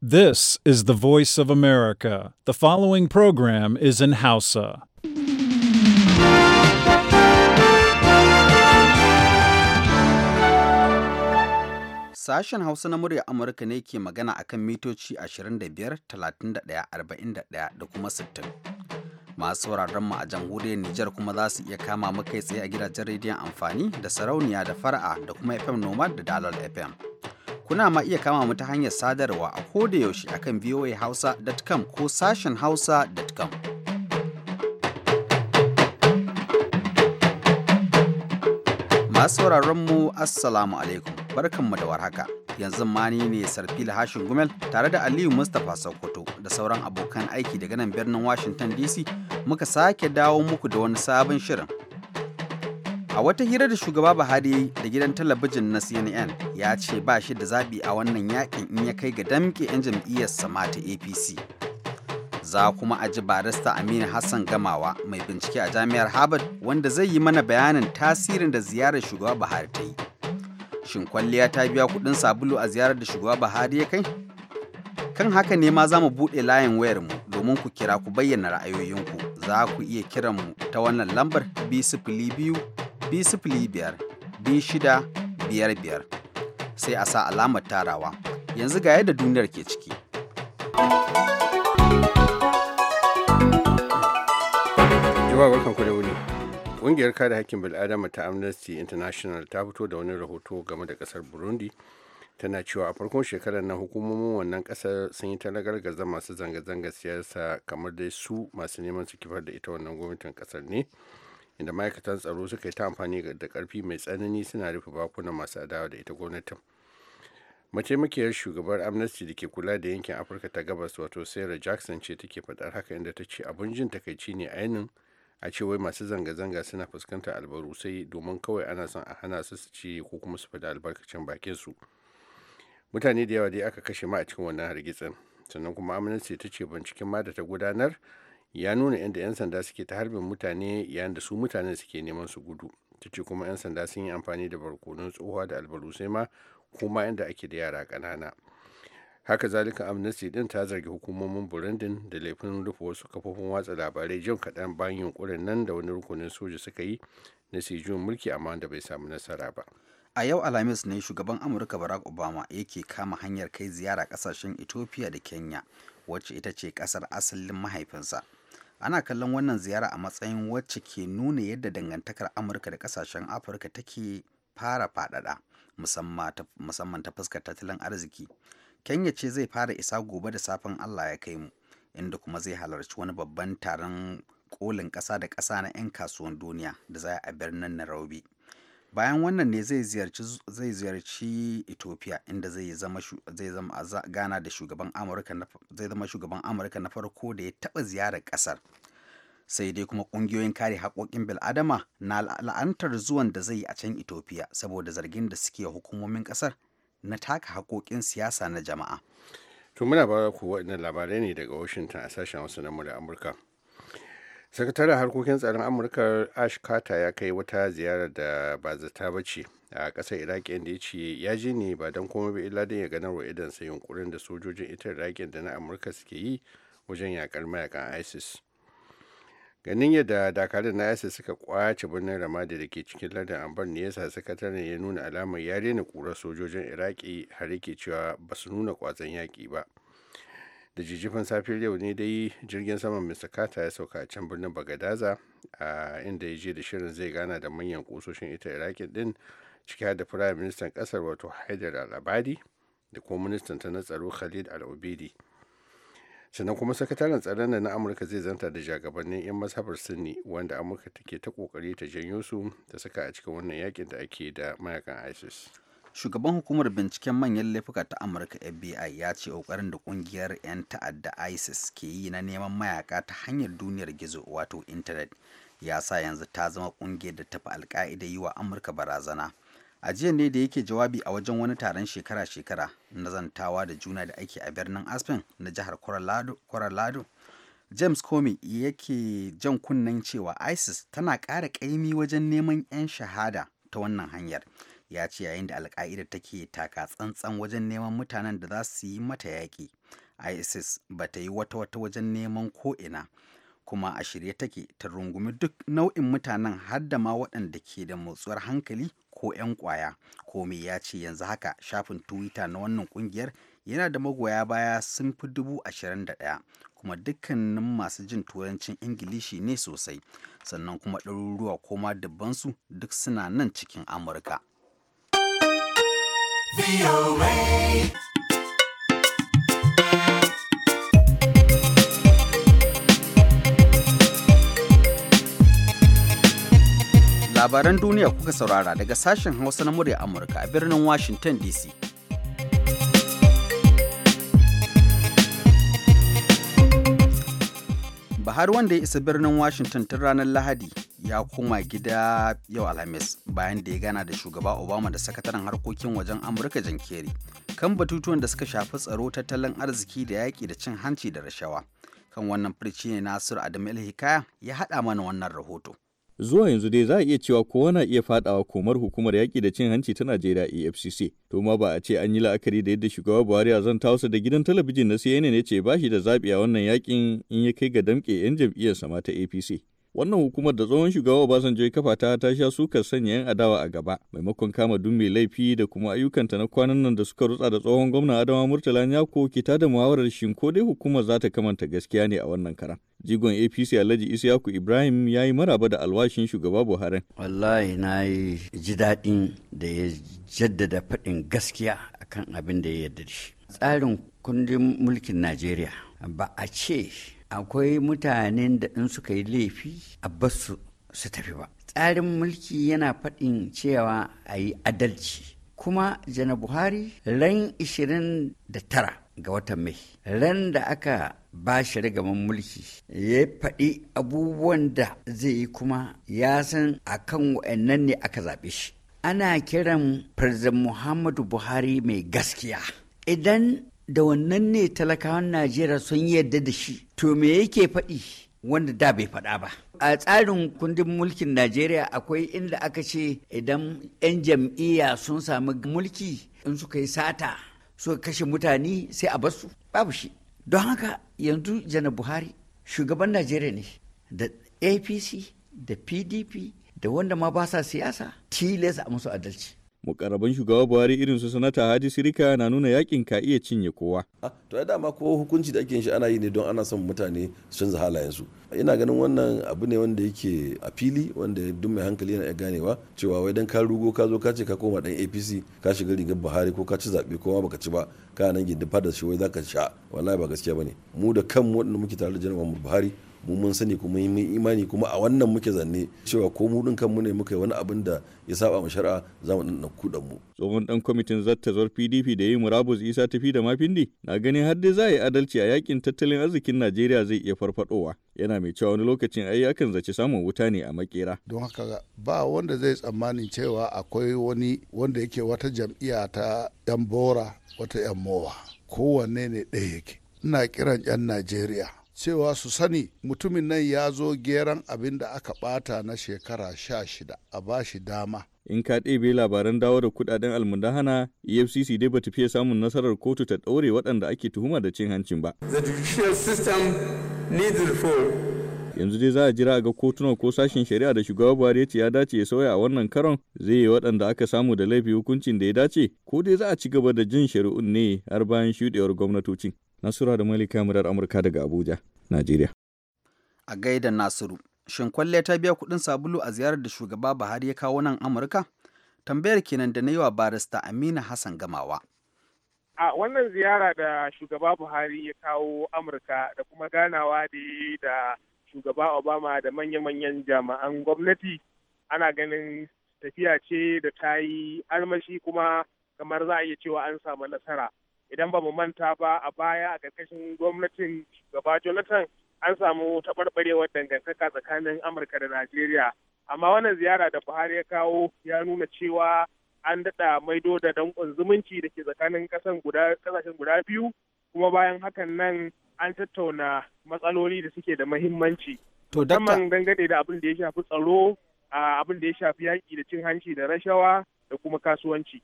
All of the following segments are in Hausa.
This is the voice of America. The following program is in Hausa. Sashen Hausa na murya Amurka ne ke magana a kan mitoci 25, 31, 41 da kuma 60. Masu sauraron mu a jamhuriyar Nijar kuma za su iya kama mu kai tsaye a gidajen rediyon amfani da sarauniya da fara'a da kuma FM Nomad da Dalal FM. kuna ma iya kama mu ta hanyar sadarwa a kodayaushe akan voahausa.com ko sashen hausa.com. Masu sauraron mu Assalamu alaikum, barkanmu da warhaka. Yanzu mani ne Sarfila Hashin Gumel tare da Aliyu Mustapha Sokoto da sauran abokan aiki daga nan birnin Washington DC muka sake dawo muku da wani sabon shirin a wata hira da shugaba buhari da gidan talabijin na cnn ya ce ba shi da zaɓi a wannan yakin in ya kai ga damke 'yan jam'iyyarsa mata apc za kuma a ji barista aminu hassan gamawa mai bincike a jami'ar harvard wanda zai yi mana bayanin tasirin da ziyarar shugaba buhari ta yi shin kwalliya ta biya kuɗin sabulu a ziyarar da shugaba buhari ya kai kan haka ne ma za mu buɗe layin wayarmu domin ku kira ku bayyana ra'ayoyinku za ku iya kiranmu ta wannan lambar biyu biyar sai a sa alamar tarawa. Yanzu ga yadda duniyar ke ciki. Ƙungiyar kada hakkin bil'adama ta Amnesty International ta fito da wani rahoto game da ƙasar Burundi. tana cewa a farkon shekarar nan hukumomin wannan kasar sun yi talagargaza masu zanga-zanga siyasa kamar dai su masu neman su kifar da ita wannan gwamnatin kasar ne inda ma'aikatan tsaro suka yi ta amfani da karfi mai tsanani suna rufe bakuna masu adawa da ita gwamnatin mataimakiyar shugabar amnesty da ke kula da yankin afirka ta gabas wato sarah jackson ce take faɗar haka inda ta ce abun jin takaici ne a ainihin a ce wai masu zanga-zanga suna fuskantar albarusai domin kawai ana son a hana su su ci ko kuma su fada albarkacin bakin su mutane da yawa dai aka kashe ma a cikin wannan hargitsin sannan kuma amnesty ta ce binciken ma da ta gudanar ya nuna yadda 'yan sanda suke ta harbin mutane yayin da su mutanen suke neman su gudu ta ce kuma 'yan sanda sun yi amfani da barkonon tsohuwa da albarusai ma kuma yadda ake da yara kanana haka zalika amnesty din ta zargi hukumomin burundin da laifin rufe wasu kafofin watsa labarai jin kaɗan bayan yunkurin nan da wani rukunin soja suka yi na sijin mulki amma da bai samu nasara ba a yau alhamis ne shugaban amurka barack obama yake kama hanyar kai ziyara kasashen ethiopia da kenya wacce ita ce kasar asalin mahaifinsa ana kallon wannan ziyara a matsayin wacce ke nuna yadda dangantakar amurka da kasashen afirka take fara fadada musamman ta fuskar tattalin arziki kenya ce zai fara isa gobe da safen allah ya kai mu inda kuma zai halarci wani babban taron kolin kasa da kasa na 'yan kasuwan duniya da za a birnin nairobi bayan wannan ne zai ziyarci zai ziyarci ethiopia inda zai zama zai zama gana da shugaban amurka zai zama shugaban amurka na farko da ya taba ziyarar kasar sai dai kuma kungiyoyin kare haƙoƙin bil'adama na la'antar zuwan da zai yi a can ethiopia saboda zargin da suke hukumomin kasar na taka haƙoƙin siyasa na jama'a to muna ba ku waɗannan labarai ne daga washington a sashen wasu na amurka sakataren harkokin tsaron amurka ash carter ya kai wata ziyara da ba zata ba ce a ƙasar iraki inda ya ce ya ji ne ba don komai ba illa don ya ganar wa sai yunkurin da sojojin ita iraki da na amurka suke yi wajen yakar mayakan isis ganin yadda dakarun na isis suka kwace birnin ramadi da ke cikin lardin ambar ne yasa sakataren ya nuna alamar ya rena kura sojojin iraki har yake cewa ba su nuna kwazon yaƙi ba da jijjifin safiyar yau ne dai jirgin saman mr carter ya sauka a can birnin bagadaza a inda ya je da shirin zai gana da manyan kusoshin ita iraki din ciki da firayim ministan kasar wato haidar al-abadi da kuma ministan ta na tsaro khalid al-obidi sannan kuma sakataren tsaron da na amurka zai zanta da jagabannin 'yan mazhabar sunni wanda amurka take ta kokari ta janyo su ta saka a cikin wannan yakin da ake da mayakan isis shugaban hukumar binciken manyan laifuka ta amurka fbi ya ce kokarin da ƙungiyar 'yan ta'adda isis ke yi na neman mayaka ta hanyar duniyar gizo wato intanet ya sa yanzu ta zama ƙungiyar da tafi alka'ida yi wa amurka barazana a jiya ne da yake jawabi a wajen wani taron shekara-shekara na zantawa da juna da ake a birnin aspen na jihar Coralado, james comey yake jan kunnen cewa isis tana ƙara ƙaimi wajen neman 'yan shahada ta wannan hanyar ya ce yayin da alka'ida take taka tsantsan wajen neman mutanen da za su yi mata yaƙi isis ba ta yi wata-wata wajen neman ko'ina kuma a shirye take ta rungumi duk nau'in mutanen har da ma waɗanda ke da motsuwar hankali ko 'yan ƙwaya komai ya ce yanzu haka shafin twitter na wannan ƙungiyar yana da magoya baya sun fi dubu ashirin da ɗaya kuma dukkanin masu jin turancin ingilishi ne sosai sannan kuma ɗaruruwa koma dubbansu duk suna nan cikin amurka Labaran duniya kuka saurara daga sashen Hausa na murya Amurka a birnin Washington DC. Bahar wanda ya isa birnin Washington tun ranar Lahadi ya koma gida yau alhamis bayan da ya gana da shugaba obama da sakataren harkokin wajen amurka jan kerry kan batutuwan da suka shafi tsaro tattalin arziki da yaƙi da cin hanci da rashawa kan wannan firci ne nasiru adamu hikaya ya haɗa mana wannan rahoto zuwa yanzu dai za a iya cewa kowa na iya fadawa komar hukumar yaƙi da cin hanci ta Najeriya EFCC. To ma ba a ce an yi la'akari da yadda shugaba Buhari a zan wasu da gidan talabijin na CNN ya ce ba shi da zaɓi a wannan yaƙin in ya kai ga damƙe 'yan jam'iyyarsa sama ta APC. wannan hukumar da tsohon shugaba Obasanjo ya kafa ta ta sha sukar sanya yan adawa a gaba maimakon kama dun mai laifi da kuma ayyukanta na kwanan nan da suka rutsa da tsohon gwamna Adama Murtala Nyako ke ta da muhawarar shin ko dai hukumar za ta kamanta gaskiya ne a wannan karan jigon APC Alhaji Isiyaku Ibrahim ya yi maraba da alwashin shugaba Buhari wallahi na yi ji daɗin da ya jaddada faɗin gaskiya akan abin da ya yarda da shi tsarin kundin mulkin Najeriya ba a ce akwai mutanen da in suka yi laifi a basu su tafi ba tsarin mulki yana faɗin cewa a yi adalci kuma jana buhari ran 29 ga watan mai ran da aka ba shi rigaman mulki ya faɗi abubuwan da zai yi kuma ya san akan wa'annan ne aka zaɓe shi ana kiran Firzan Muhammadu Buhari mai gaskiya. Idan da wannan ne talakawan najeriya sun yarda da shi to me yake faɗi wanda da bai faɗa ba a tsarin kundin mulkin najeriya akwai inda aka ce idan 'yan jam'iyya sun sami mulki in suka yi sata suka kashe mutane sai a basu babu shi don haka yanzu janar buhari shugaban najeriya ne da apc da pdp da wanda ma ba sa siyasa tilas a musu adalci mukarraban shugaba buhari irin su sanata hadi sirika na nuna yakin ka iya cinye kowa ah, to ya dama ko hukunci da ake shi ana yi ne don ana son mutane su canza halayensu ina ganin wannan abu ne wanda yake a fili wanda duk mai hankali yana iya ganewa cewa wai dan ka rugo ka zo ka ce ka koma dan apc ka shiga rigar buhari ko ka ci zaɓe ko ma baka ci ba ka nan gidda fadar shi wai zaka sha wallahi ba gaskiya bane mu da kanmu wadanda muke tare da janar buhari mu mun sani kuma mun imani kuma a wannan muke zanne cewa ko mu din kanmu ne muka yi wani abin da ya saba mu shari'a za mu dan kudan mu tsohon dan kwamitin zattazar PDP da yi murabus Isa tafi da mafindi na ganin har dai za yi adalci a yakin tattalin arzikin Najeriya zai iya farfadowa yana mai cewa wani lokacin ai akan zaci samun wuta ne a makera don haka ba wanda zai tsammanin cewa akwai wani wanda yake wata jam'iyya ta yan bora wata yan mowa kowanne ne ɗaya yake ina kiran 'yan najeriya cewa su sani mutumin nan ya zo geran abin da aka bata na shekara sha shida a shi dama in ka ɗebe labaran dawo da kudaden almundahana efcc dai ba ta fiye samun nasarar kotu ta ɗaure waɗanda ake tuhuma da cin hancin ba yanzu dai za a jira ga kotunan ko sashen shari'a da shugaba buhari ce ya dace ya sauya a wannan karon zai yi waɗanda aka samu da laifi hukuncin da ya dace ko dai za a ci gaba da jin shari'un ne har bayan shuɗewar gwamnatocin Nasura da Malika Murar Amurka daga Abuja, Najeriya. A gaida Nasiru, shin kwalle ta biya kuɗin sabulu a ziyarar da shugaba Buhari ya kawo nan Amurka? Tambayar kenan da na yi wa barista Amina Hassan Gamawa. A wannan ziyara da shugaba Buhari ya kawo Amurka da kuma ganawa da da shugaba Obama da manya-manyan jami'an gwamnati ana ganin tafiya ce da ta yi armashi kuma kamar za a iya cewa an samu nasara. idan ba mu manta ba a baya a ƙarƙashin gwamnatin gaba jonathan an samu taɓarɓarewar dangantaka tsakanin amurka da najeriya amma wannan ziyara da buhari ya kawo ya nuna cewa an daɗa maido da danƙon zumunci da ke tsakanin ƙasashen guda biyu kuma bayan hakan nan an tattauna matsaloli da suke da mahimmanci to dangane da abin da ya shafi tsaro abin da ya shafi yaƙi da cin hanci da rashawa da kuma kasuwanci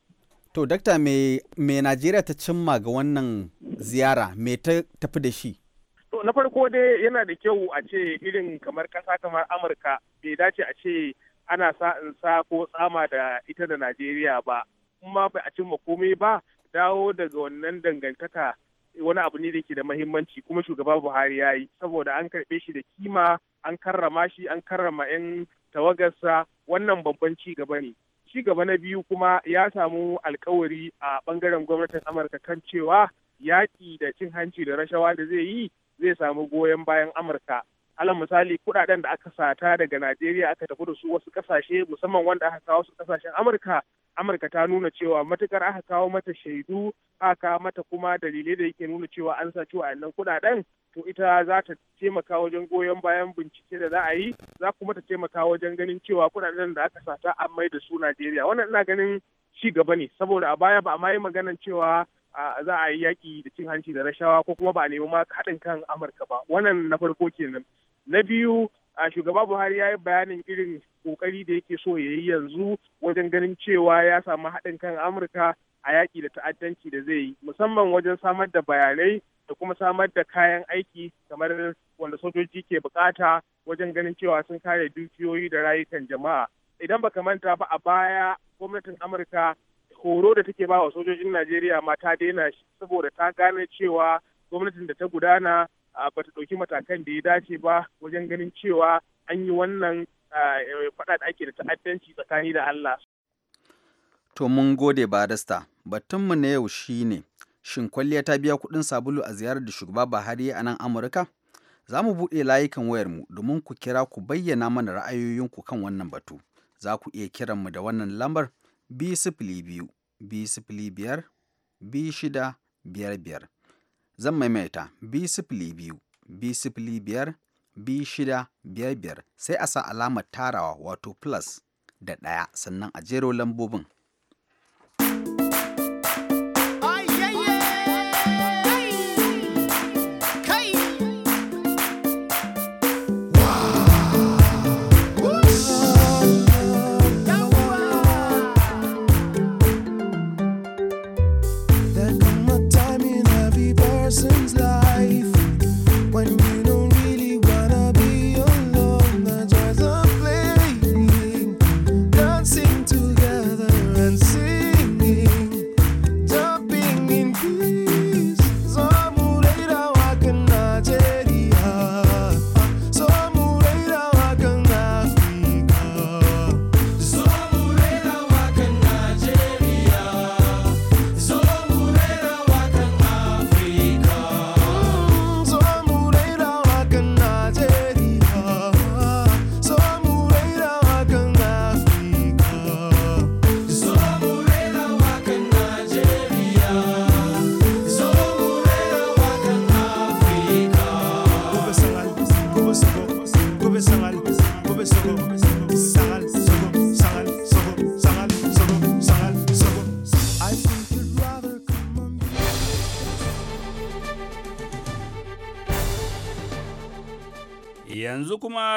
To, dakta me, Najeriya ta cimma ga wannan ziyara, me ta tafi da shi? To, na farko dai yana da kyau a ce irin kamar ƙasa kamar Amurka bai dace a ce ana sa in sa ko tsama da ita da Najeriya ba. Kuma bai a cimma komai ba, dawo daga wannan dangantaka wani abu ne da ke da mahimmanci kuma shugaba Buhari ya yi saboda an karɓe shi da kima an karrama shi an karrama 'yan tawagarsa wannan babban ci gaba ne ci gaba na biyu kuma ya samu alkawari a bangaren gwamnatin amurka kan cewa yaƙi da cin hanci da rashawa da zai yi zai samu goyon bayan amurka alal misali kuɗaɗen da aka sata daga Najeriya aka tafi da su wasu kasashe musamman wanda aka kawo su kasashen Amurka Amurka ta nuna cewa matukar aka kawo mata shaidu aka mata kuma dalilai da yake nuna cewa an saci wa'annan kuɗaɗen to ita za ta taimaka wajen goyon bayan bincike da za a yi za kuma ta taimaka wajen ganin cewa kuɗaɗen da aka sata an mai da su Najeriya wannan ina ganin ci gaba ne saboda a baya ba a ma yi maganan cewa za a yi yaƙi da cin hanci da rashawa ko kuma ba a nemi ma haɗin kan Amurka ba wannan na farko kenan na biyu a shugaba buhari ya yi bayanin irin kokari da yake so ya yi yanzu wajen ganin cewa ya samu haɗin kan amurka a yaƙi da ta'addanci da zai yi musamman wajen samar da bayanai da kuma samar da kayan aiki kamar wanda sojoji ke bukata wajen ganin cewa sun kare dukiyoyi da rayukan jama'a idan baka manta ba a baya gwamnatin amurka horo da take ba wa sojojin najeriya ma ta daina shi saboda ta gane cewa gwamnatin da ta gudana ba ta ɗauki matakan da ya dace ba wajen ganin cewa an yi wannan eh, faɗa da ake da ta'addanci tsakani da Allah. To mun gode ba barista, batunmu na yau shi ne, shin kwalliya ta biya kuɗin sabulu a ziyarar da shugaba Buhari a nan Amurka? Za mu buɗe layukan wayarmu domin ku kira ku bayyana mana ra'ayoyinku kan wannan batu. Za ku iya kiran mu da wannan lambar b sifili biyu, sifili biyar, shida biyar biyar. Zan maimaita b sifili biyu, b sifili biyar, b shida biyar biyar sai a sa alamar tarawa wato plus da ɗaya sannan a jero lambobin.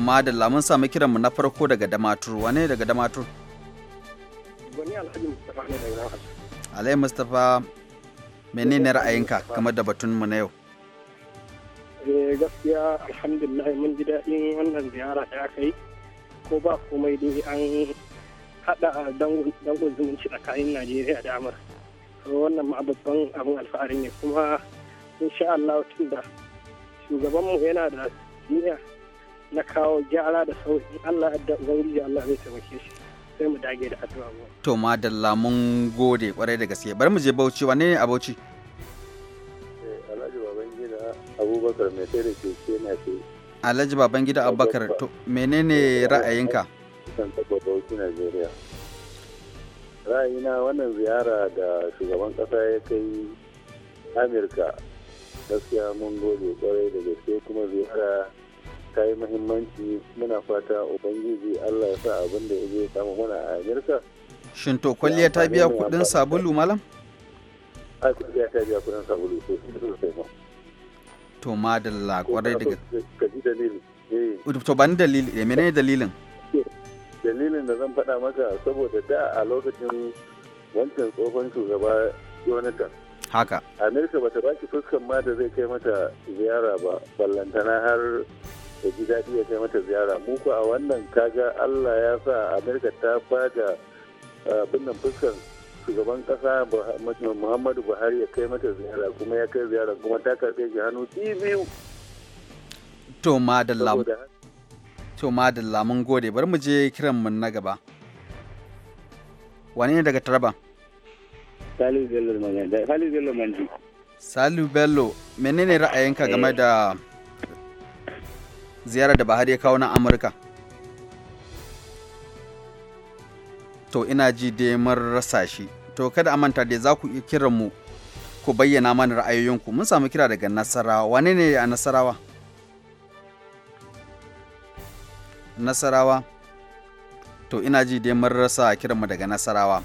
to madalla mun samu kiranmu na farko daga damatur wane daga damatur alhaji mustapha ne daga damatur alhaji mustapha menene ra'ayinka game da batun mu na yau eh, gaskiya alhamdulillah mun ji daɗin wannan ziyara da aka yi ko ba komai dai an haɗa dangon zumunci tsakanin najeriya da amurka wannan ma babban abin alfahari ne kuma insha Allah tun da shugabanmu yana da na kawo gyara da sauki Allah adda ubangiji Allah zai taimake shi sai mu dage da addu'a to madalla mun gode kwarai da gaske bari mu je Bauchi wane ne a Bauchi eh Alhaji Babangida Abubakar mai sai da ke na ce Alhaji Babangida Abubakar to menene ra'ayinka ra'ayina wannan ziyara da shugaban kasa ya kai Amurka gaskiya mun gode kwarai da gaske kuma ziyara ta yi muhimmanci muna fata ubangiji allah ya sa abin da zai samu mana a amurka shin to kwalliya ta biya kudin sabulu malam a kwalliya ta biya kudin sabulu sosai to da kwarai daga eh. to ba dalili da eh, menene dalilin dalilin da zan faɗa maka saboda da a lokacin wancan tsohon shugaba jonathan haka amerika ba ta baki fuskan ma da zai kai mata ziyara ba ballantana har da ji daɗi ya kai mata ziyara mu ko a wannan kaga Allah ya sa Amerika ta bada ah, abin nan fuskar shugaban ƙasa Muhammadu Buhari ya kai mata ziyara kuma ya kai ziyara kuma ta karɓe shi hannu biyu to madalla to madalla mun gode bari mu je kiran mu na gaba wani ne daga taraba Salu Bello Manji. Salu Bello, menene ra'ayinka game eh. da ziyarar da Buhari ya kawo nan Amurka. To ina ji dai mun rasa shi. To kada a manta dai za ku iya kiran mu ku bayyana mana ra'ayoyinku. Mun samu kira daga Nasarawa. Wane ne a Nasarawa? Nasarawa. To ina ji dai mun rasa kiran mu daga Nasarawa.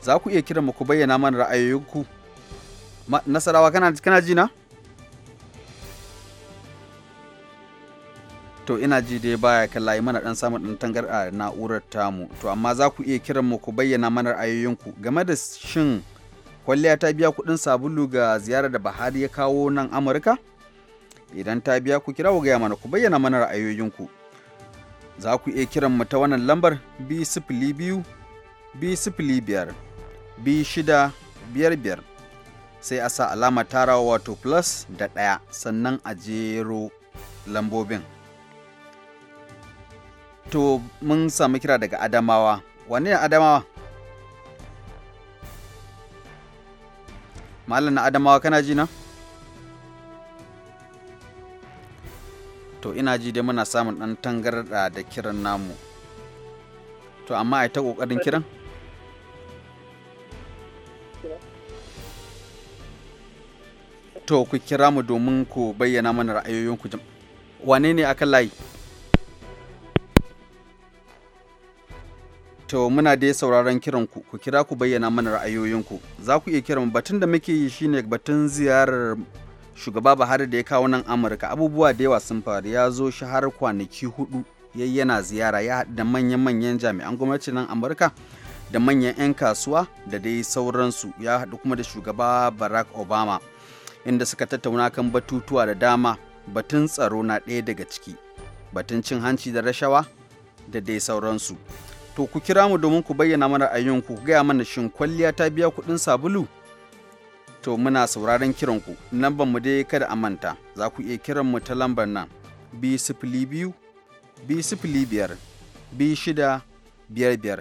Za ku iya kiran mu ku bayyana mana ra'ayoyinku. Nasarawa kana kana ji na? to ina ji dai baya kalla yi mana dan samun dan a na'urar tamu to amma za ku iya kiran mu ku bayyana mana ra'ayoyinku game da shin kwalliya ta biya kuɗin sabulu ga ziyarar da Buhari ya kawo nan Amurka idan ta biya ku kira ku gaya mana ku bayyana mana ra'ayoyinku za ku iya kiran mu ta wannan lambar b b b shida biyar sai a sa alama tarawa wato plus da ɗaya sannan a jero lambobin to mun samu kira daga Adamawa. Wanne ne Adamawa? Malam na Adamawa kana ji na? To ina ji dai muna samun ɗan tangarda da kiran namu. To amma a ta ƙoƙarin kiran? To ku kira mu domin ku bayyana mana ra'ayoyinku. Wane ne akan layi? To muna dai sauraron kiran ku ku kira ku bayyana mana ra'ayoyinku. Za ku iya kiran batun da muke yi shine batun ziyarar shugaba Buhari da ya kawo nan Amurka. Abubuwa da yawa sun faru ya zo shi har kwanaki hudu yana ziyara ya da manyan-manyan jami'an gwamnati nan Amurka da manyan 'yan kasuwa da dai sauransu ya haɗu kuma da shugaba Barack Obama inda suka tattauna kan batutuwa da dama batun tsaro na ɗaya daga ciki batun cin hanci da rashawa da dai sauransu. to ku kira mu domin ku bayyana mana ku gaya mana shin kwalliya ta biya kuɗin sabulu to muna sauraron kiranku lambar mu dai kada a manta za ku iya kiran mu ta lambar nan b biyu b sifili biyar b shida biyar biyar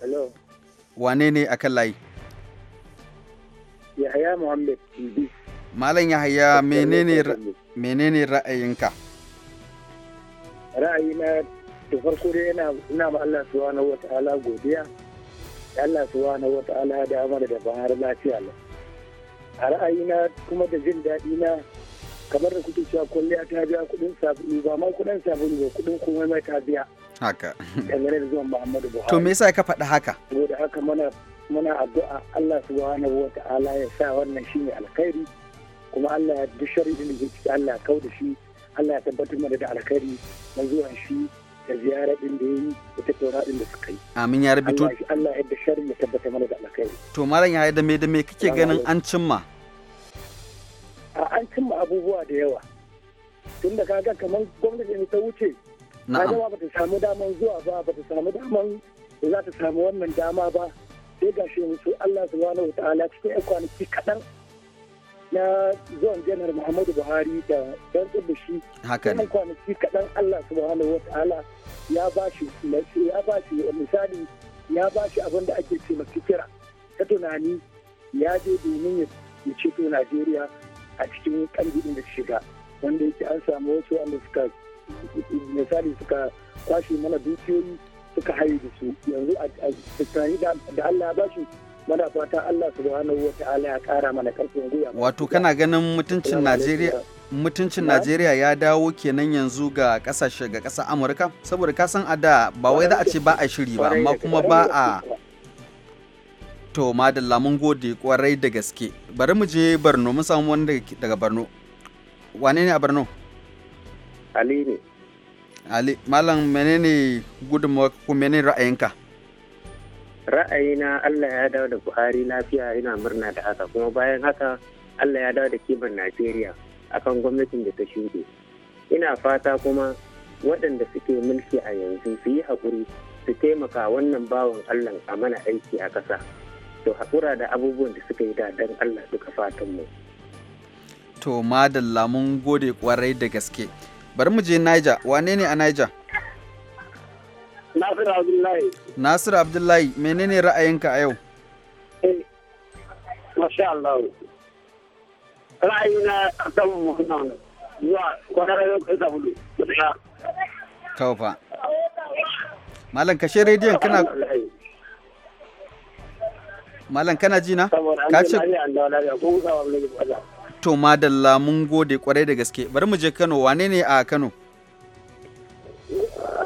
Hello. wane ne a kan layi yahaya muhammad malam yahaya menene ra'ayinka ra'ayina da farko dai yana ina ma Allah subhanahu ta'ala godiya Allah subhanahu wata'ala da amara da ban har lafiya la. a ra'ayina kuma da jin daɗi na kamar da kuke cewa kwalliya ta biya kuɗin sabulu ba ma kuɗin sabulu ba kuɗin komai mai ta biya haka dangane da zuwan Muhammadu Buhari to me yasa ka faɗi haka saboda haka muna muna addu'a Allah subhanahu ta'ala ya sa wannan shine alkhairi kuma Allah ya dushar da Allah ya kauda shi Allah ya tabbatar mana da alkhairi na zuwan shi da ziyara din da yi da tattauna din da suka yi amin ya rabi Allah ya da sharri ya tabbata mana da alkhairi to malam ya da me da me kake ganin an cimma a an cimma abubuwa da yawa tun da kaga kamar gwamnati ne ta wuce na'am ba ta samu daman zuwa ba ba ta samu daman za ta samu wannan dama ba sai gashi yanzu Allah subhanahu wa ta'ala cikin kwanaki kaɗan na zuwan janar muhammadu buhari da dan tsibishi shi haka ne kwanaki kaɗan allah subhanahu wa ta'ala ya ba shi ya ba shi misali ya ba shi abin da ake ce masu kira ta tunani ya je domin ya ceto najeriya a cikin kangidin da shiga wanda yake an samu wasu wanda suka misali suka kwashe mana dukiyoyi suka haye da su yanzu a tunani da allah ya ba shi muna fata Allah subhanahu wa ta'ala ya kara mana karfin gwiwa wato kana ganin mutuncin Najeriya mutuncin Najeriya ya dawo kenan yanzu ga kasashe ga ƙasar Amurka saboda ka san a da ba wai za a ce ba a shiri ba amma kuma ba a to madalla mun gode kwarai da gaske bari mu je Borno mun samu wani daga Borno wane ne a Borno Ali ne Ali malam menene gudunmawa ko menene ra'ayinka ra'ayina Allah ya dawo da Buhari lafiya ina murna da haka kuma bayan haka Allah ya dawo da kiban Najeriya akan gwamnatin da ta shuɗe. Ina fata kuma waɗanda suke mulki a yanzu su yi haƙuri su taimaka wannan bawan Allah a mana aiki a ƙasa. To haƙura da abubuwan da suka yi da dan Allah duka fatan mu. To madalla mun gode kwarai da gaske. Bari mu je Niger, wane ne a Niger? nasir Abdullahi. Nasir Abdullahi, menene ra'ayinka a yau? Eh, Masha Allah. Ra'ayina a kan muhimman zuwa kwanar yau kai sabulu. Malam kashe rediyon kana Malam kana ji na? Ka ce To madalla mun gode kwarai da gaske. Bari mu je Kano, wane ne a Kano?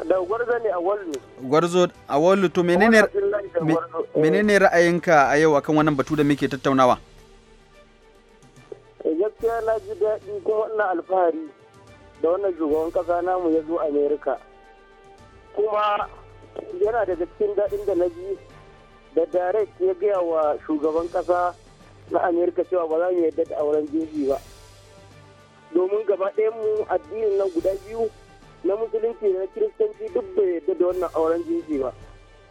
da gwarzo ne a wallu gwarzo a wallo to eh. menene ra'ayinka a yau akan wannan batu da muke tattaunawa eh, gaskiya na ji daɗi kuma wannan alfahari da wannan shugaban ƙasa namu ya zo amerika kuma yana da cikin daɗin da na ji da direct ya gaya wa shugaban ƙasa na amerika cewa ba za mu yarda da auren jeji ba domin gaba ɗayan mu addinin nan guda biyu na musulunci na kiristanci duk bai yadda da wannan auren jinsi ba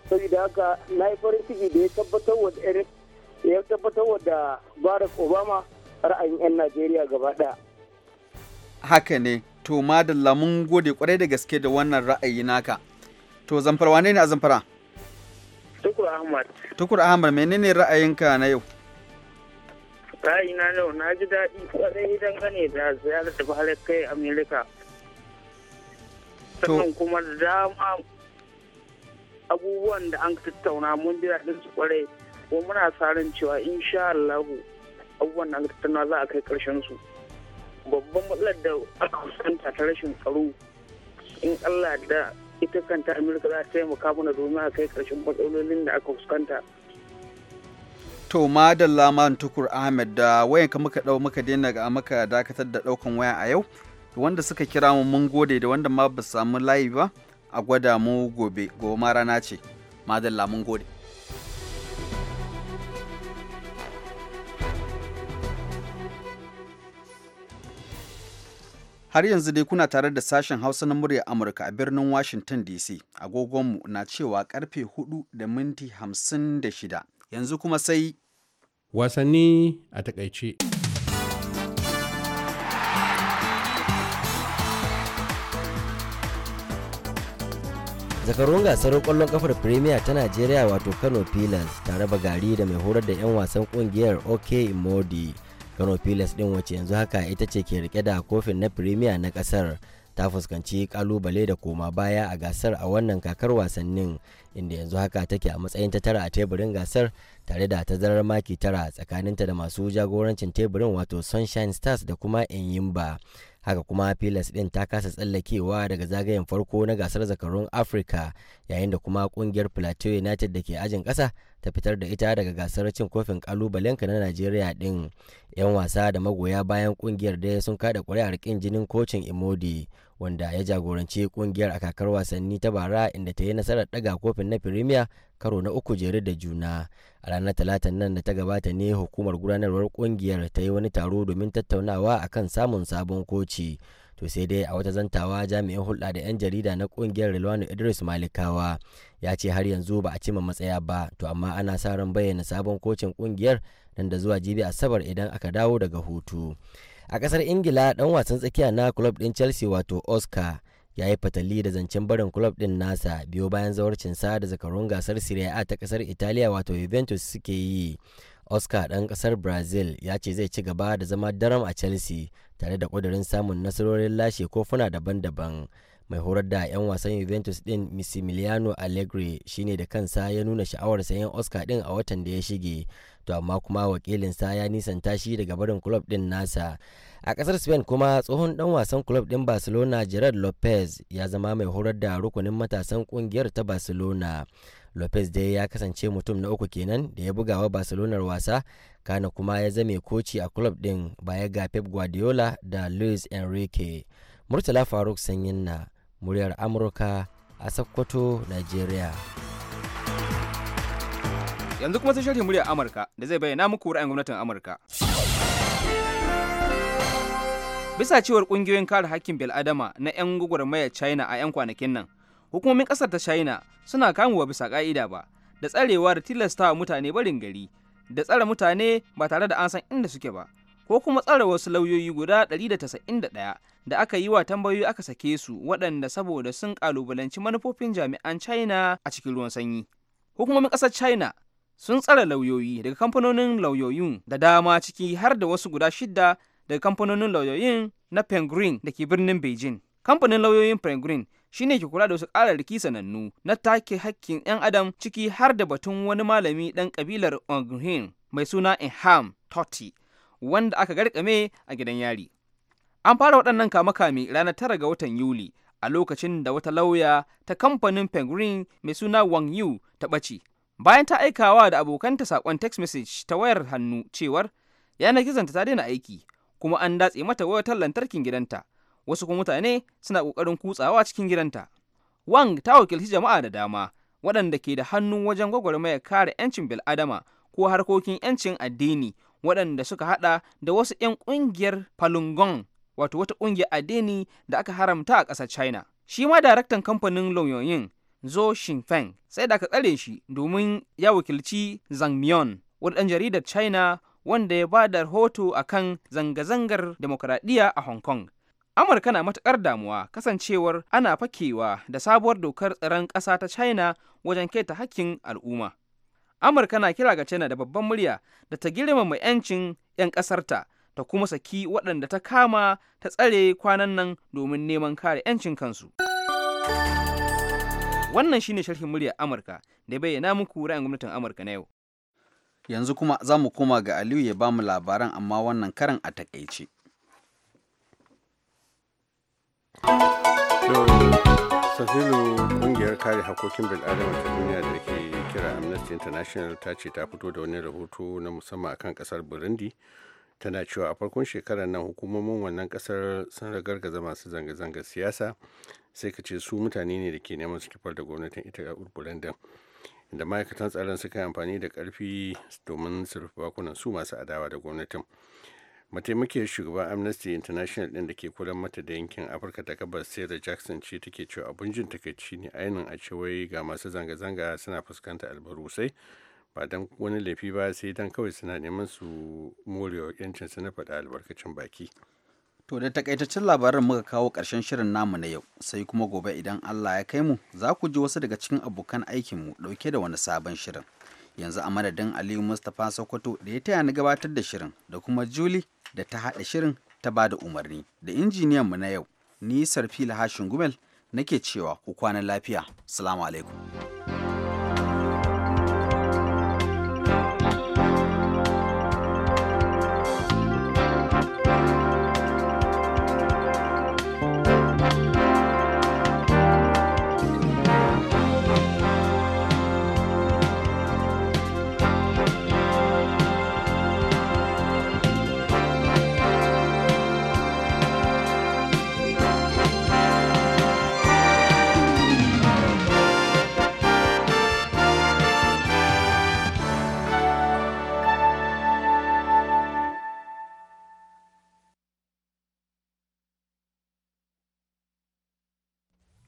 saboda haka na yi farin ciki da ya tabbatar wa ya tabbatar da barack obama ra'ayin 'yan najeriya gaba ɗaya haka ne to madalla mun gode kwarai da gaske da wannan ra'ayi naka to zamfara wane ne a zamfara tukur ahmad tukur ahmad menene ra'ayinka na yau ra'ayina yau na ji daɗi kwarai dangane da ziyarar da bahar kai amerika sannan kuma dama abubuwan da an tattauna mun jira din su kware ko muna sa ran cewa insha Allahu abubuwan da an tattauna za a kai karshen su babban matsalar da aka fuskanta ta rashin tsaro in Allah da ita kanta Amurka za ta taimaka mana domin a kai karshen matsalolin da aka fuskanta to madalla man tukur ahmed da wayanka muka dau muka daina muka dakatar da daukan waya a yau wanda suka kira mu mun gode da wanda ma ba samu layi ba a gwada mu gobe gobe rana ce madalla mun gode har yanzu dai kuna tare da sashen hausa na murya amurka a birnin washington dc agogonmu na cewa karfe 4 da minti 56 yanzu kuma sai wasanni a takaice. zakarun gasar kwallon kafar premier ta nigeria wato kano pillars tare gari da mai horar da 'yan wasan kungiyar ok imodi kano pillars din wace yanzu haka ita ce ke rike da kofin na premier na kasar ta fuskanci kalubale da koma baya a gasar a wannan kakar wasannin inda yanzu haka take a matsayin ta tara a teburin gasar tare da tazarar maki tara tsakaninta da masu jagorancin teburin wato sunshine stars da kuma enyimba haka kuma Pilas din ta kasa tsallakewa daga zagayen farko na gasar zakarun Afirka yayin da kuma kungiyar Plateau United da ke ajin kasa ta fitar da ita daga gasar cin kofin kalubalenka na nigeria din 'Yan wasa da magoya bayan kungiyar dai sun kada kuri'ar kin jinin kocin Imodi wanda ya jagoranci kungiyar a kakar wasanni ta bara inda ta yi nasarar daga kofin na firimiya karo na uku jere da juna a ranar talata nan da ta gabata ne hukumar gudanarwar kungiyar ta yi wani taro domin tattaunawa a kan samun sabon koci to sai dai a wata zantawa jami'in hulɗa da 'yan jarida na kungiyar rilwanu idris malikawa ya ce har yanzu ba a cima matsaya ba to amma ana sa ran bayyana sabon kocin kungiyar nan da zuwa jibi asabar idan aka dawo daga hutu a kasar ingila dan wasan tsakiya na club din chelsea wato oscar ya yi fatali da zancen barin club din nasa biyo bayan sa da zakarun gasar serie a ta kasar italiya wato juventus suke yi oscar dan kasar brazil ya ce zai ci gaba da zama daram a chelsea tare da kudurin samun nasarorin lashe kofuna daban-daban mai horar da 'yan wasan juventus din missimiliano allegri shine da kansa ya nuna sha'awar sayan oscar din a watan da ya shige to amma kuma wakilin sa ya nisanta shi daga barin club din nasa a kasar spain kuma tsohon dan wasan club din barcelona gerard lopez ya zama mai horar da rukunin matasan kungiyar ta barcelona lopez dai ya kasance mutum na uku kenan da ya bugawa barcelona wasa kana kuma ya zame koci a club din baya ga pep guardiola da luis enrique murtala faruk sanyin na muryar amurka a sokoto nigeria Yanzu kuma sai sharhin murya Amurka da zai bayyana muku ra'ayin gwamnatin Amurka. Bisa cewar kungiyoyin kare hakkin bil'adama na 'yan gwagwarmaya China a 'yan kwanakin nan, hukumomin ƙasar ta China suna kamuwa bisa ka'ida ba, da tsarewa da tilastawa mutane barin gari, da tsare mutane ba tare da an san inda suke ba, ko kuma tsare wasu lauyoyi guda 191 da aka yi wa tambayoyi aka sake su waɗanda saboda sun ƙalubalanci manufofin jami'an China a cikin ruwan sanyi. Hukumomin ƙasar China sun tsare lauyoyi daga kamfanonin lauyoyin da dama ciki har da wasu guda shidda daga kamfanonin lauyoyin na penguin da ke birnin beijing kamfanin lauyoyin penguin shine ke kula da wasu ƙararriki sanannu na take hakkin 'yan adam ciki har da batun wani malami ɗan ƙabilar ongrin mai suna inham totti wanda aka garkame a gidan yari an fara waɗannan kame-kame ranar tara ga watan yuli a lokacin da wata lauya ta kamfanin penguin mai suna wang yu ta ɓace bayan ta aikawa da abokanta saƙon text message ta wayar hannu cewar yanar gizonta ta daina aiki kuma an datse mata wayar lantarkin gidanta wasu kuma mutane suna ƙoƙarin kutsawa cikin gidanta wang ta wakilci jama'a da dama waɗanda ke da hannu wajen gwagwarmaya kare 'yancin bil'adama ko harkokin 'yancin addini waɗanda suka haɗa da wasu 'yan ƙungiyar Falun Gong wato wata ƙungiyar addini da aka haramta a ƙasar China. Shi ma daraktan kamfanin longyoying Zhou Xingfeng sai da aka tsare shi domin ya wakilci Zhang Mion, wani jaridar China wanda ya ba da rahoto a kan zanga-zangar demokuraɗiyya a Hong Kong. Amurka na matuƙar damuwa kasancewar ana fakewa da sabuwar dokar tsaron ƙasa ta China wajen keta hakkin al'umma. Amurka na kira ga China da babban murya da ta girmama 'yancin 'yan ƙasarta ta kuma saki waɗanda ta kama ta tsare kwanan nan domin neman kare 'yancin kansu. Wannan shine sharhin muryar Amurka da bayyana muku ra'ayin gwamnatin Amurka na yau. Yanzu kuma za mu koma ga Aliyu ya bamu labaran amma wannan karan a takaice. safilu ƙungiyar kare hakokin bil'adama ta duniya da ke kira amnesty international ta ce ta fito da wani rahoto na musamman akan kasar burundi tana cewa a farkon shekarar nan hukumomin wannan kasar sun ragargaza masu zanga-zanga siyasa sai ka ce su mutane ne da ke neman su kifar da gwamnatin ita a burundi da ma'aikatan tsarin suka yi amfani da karfi domin su rufe bakunan su masu adawa da gwamnatin mataimakiyar shugaban amnesty international din da ke kudan mata da yankin afirka ta gabas da jackson ce take cewa abun jin takaici ne ainihin a wai ga masu zanga-zanga suna fuskanta albarusai ba don wani laifi ba sai don kawai suna neman su morewa su na faɗa albarkacin baki To da takaitaccen labarin muka kawo ƙarshen shirin namu na yau, sai kuma gobe idan Allah ya kai mu za ku ji wasu daga cikin abokan aikinmu ɗauke da wani sabon shirin. Yanzu a madadin Aliyu Mustapha Sokoto da ya taya ni gabatar da shirin da kuma Julie da ta haɗa shirin ta ba da umarni da injiniyan mu na yau, ni Sarfila Hashin Gumel nake cewa ku kwana lafiya. Salamu alaikum.